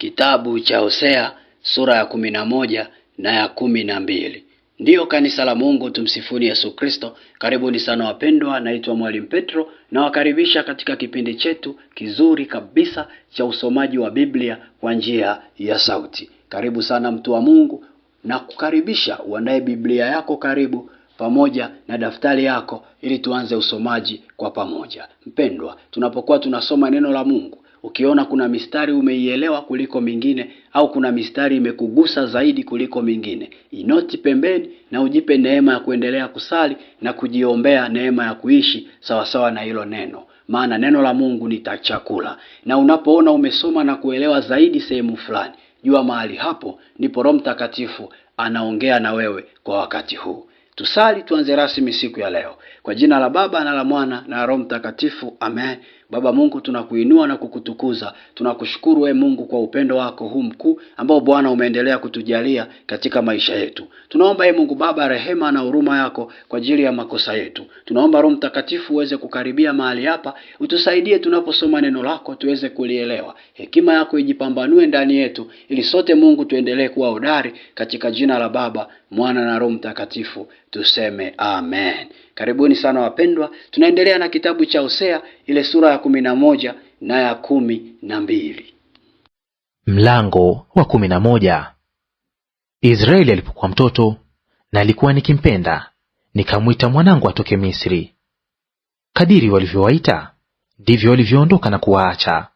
Kitabu cha Hosea sura ya kumi na moja na ya kumi na mbili. Ndiyo kanisa la Mungu, tumsifuni Yesu Kristo. Karibuni sana wapendwa, naitwa Mwalimu Petro, nawakaribisha katika kipindi chetu kizuri kabisa cha usomaji wa Biblia kwa njia ya sauti. Karibu sana mtu wa Mungu, na kukaribisha uandae Biblia yako karibu pamoja na daftari yako ili tuanze usomaji kwa pamoja. Mpendwa, tunapokuwa tunasoma neno la Mungu, Ukiona kuna mistari umeielewa kuliko mingine au kuna mistari imekugusa zaidi kuliko mingine, inoti pembeni na ujipe neema ya kuendelea kusali na kujiombea neema ya kuishi sawasawa na hilo neno, maana neno la Mungu ni chakula. Na unapoona umesoma na kuelewa zaidi sehemu fulani, jua mahali hapo ndipo Roho Mtakatifu anaongea na wewe kwa wakati huu. Tusali tuanze rasmi siku ya leo kwa jina la Baba na la Mwana na Roho Mtakatifu, amen. Baba Mungu, tunakuinua na kukutukuza. Tunakushukuru we Mungu kwa upendo wako huu mkuu ambao Bwana umeendelea kutujalia katika maisha yetu. Tunaomba ye Mungu Baba rehema na huruma yako kwa ajili ya makosa yetu. Tunaomba Roho Mtakatifu uweze kukaribia mahali hapa, utusaidie tunaposoma neno lako tuweze kulielewa. Hekima yako ijipambanue ndani yetu ili sote Mungu tuendelee kuwa hodari katika jina la Baba, Mwana na Roho Mtakatifu. Tuseme amen. Karibuni sana wapendwa. Tunaendelea na kitabu cha Hosea ile sura ya kumi na moja na ya kumi na mbili. Mlango wa kumi na moja. Israeli alipokuwa mtoto, na alikuwa nikimpenda, nikamwita mwanangu atoke Misri. Kadiri walivyowaita ndivyo walivyoondoka na kuwaacha,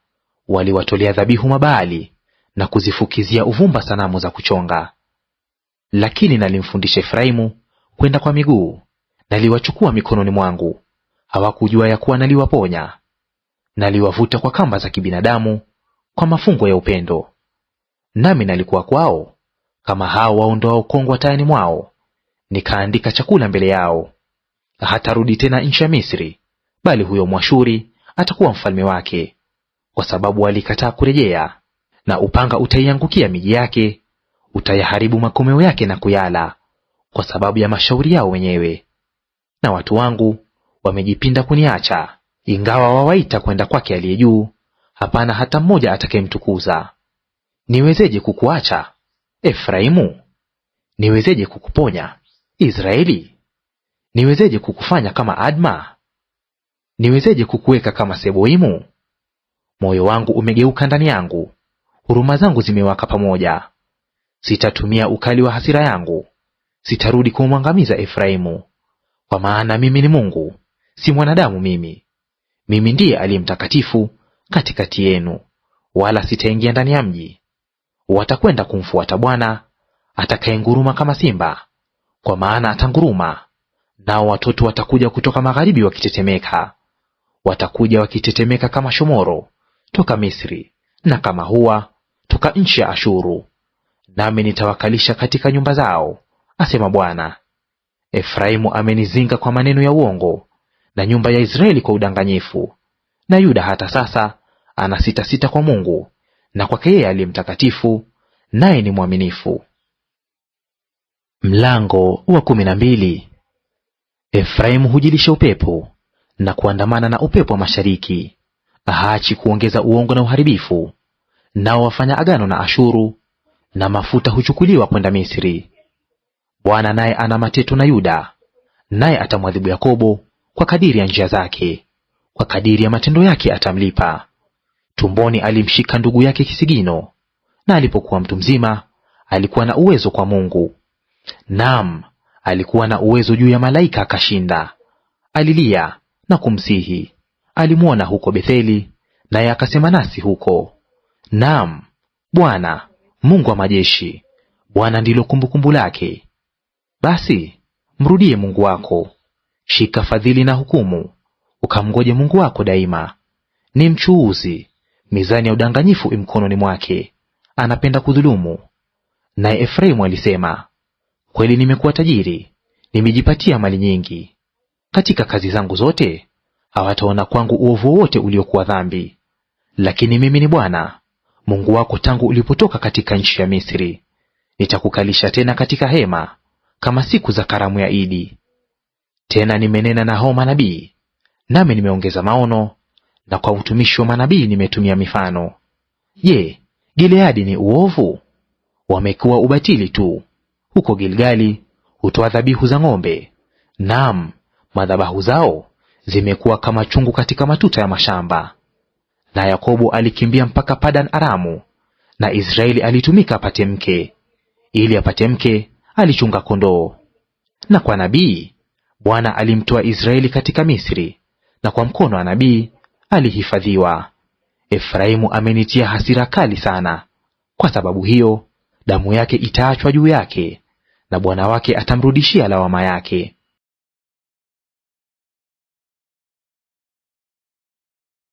waliwatolea dhabihu mabaali na kuzifukizia uvumba sanamu za kuchonga. Lakini nalimfundisha Efraimu kwenda kwa miguu, naliwachukua mikononi mwangu; hawakujua ya kuwa naliwaponya naliwavuta kwa kamba za kibinadamu, kwa mafungo ya upendo. Nami nalikuwa kwao kama hao waondoao kongwa tayani mwao, nikaandika chakula mbele yao. Hatarudi tena nchi ya Misri, bali huyo Mwashuri atakuwa mfalme wake, kwa sababu walikataa kurejea. Na upanga utaiangukia miji yake, utayaharibu makomeo yake na kuyala, kwa sababu ya mashauri yao wenyewe. Na watu wangu wamejipinda kuniacha, ingawa wawaita kwenda kwake aliye juu, hapana hata mmoja atakayemtukuza. Niwezeje kukuacha Efraimu? Niwezeje kukuponya Israeli? Niwezeje kukufanya kama Adma? Niwezeje kukuweka kama Seboimu? Moyo wangu umegeuka ndani yangu, huruma zangu zimewaka pamoja. Sitatumia ukali wa hasira yangu, sitarudi kumwangamiza Efraimu, kwa maana mimi ni Mungu, si mwanadamu mimi, mimi ndiye aliye mtakatifu katikati yenu, wala sitaingia ndani ya mji. Watakwenda kumfuata Bwana atakayenguruma kama simba, kwa maana atanguruma, nao watoto watakuja kutoka magharibi wakitetemeka. Watakuja wakitetemeka kama shomoro toka Misri, na kama hua toka nchi ya Ashuru, nami nitawakalisha katika nyumba zao, asema Bwana. Efraimu amenizinga kwa maneno ya uongo, na nyumba ya Israeli kwa udanganyifu. Na Yuda hata sasa ana sita kwa Mungu na kwake yeye aliye mtakatifu, naye ni mwaminifu. Mlango wa kumi na mbili. Efraimu hujilisha upepo na kuandamana na upepo wa mashariki, haachi kuongeza uongo na uharibifu. Nao wafanya agano na Ashuru, na mafuta huchukuliwa kwenda Misri. Bwana naye ana mateto na Yuda, naye atamwadhibu Yakobo kwa kadiri ya njia zake, kwa kadiri ya matendo yake atamlipa. Tumboni alimshika ndugu yake kisigino, na alipokuwa mtu mzima alikuwa na uwezo kwa Mungu. Naam, alikuwa na uwezo juu ya malaika akashinda. Alilia na kumsihi, alimwona huko Betheli, naye akasema nasi huko. Naam, Bwana Mungu wa majeshi, Bwana ndilo kumbukumbu lake. Basi mrudie Mungu wako Shika fadhili na hukumu, ukamngoje Mungu wako daima. Ni mchuuzi, mizani ya udanganyifu imkononi mwake, anapenda kudhulumu. Naye Efraimu alisema, kweli nimekuwa tajiri, nimejipatia mali nyingi. Katika kazi zangu zote hawataona kwangu uovu wowote uliokuwa dhambi. Lakini mimi ni Bwana Mungu wako tangu ulipotoka katika nchi ya Misri. Nitakukalisha tena katika hema kama siku za karamu ya Idi, tena nimenena na hao manabii, nami nimeongeza maono, na kwa utumishi wa manabii nimetumia mifano. Je, Gileadi ni uovu? Wamekuwa ubatili tu. Huko Gilgali hutoa dhabihu za ng'ombe, naam, madhabahu zao zimekuwa kama chungu katika matuta ya mashamba. Na Yakobo alikimbia mpaka Padan Aramu, na Israeli alitumika apate mke; ili apate mke alichunga kondoo. Na kwa nabii Bwana alimtoa Israeli katika Misri, na kwa mkono wa nabii alihifadhiwa. Efraimu amenitia hasira kali sana, kwa sababu hiyo damu yake itaachwa juu yake, na Bwana wake atamrudishia lawama yake.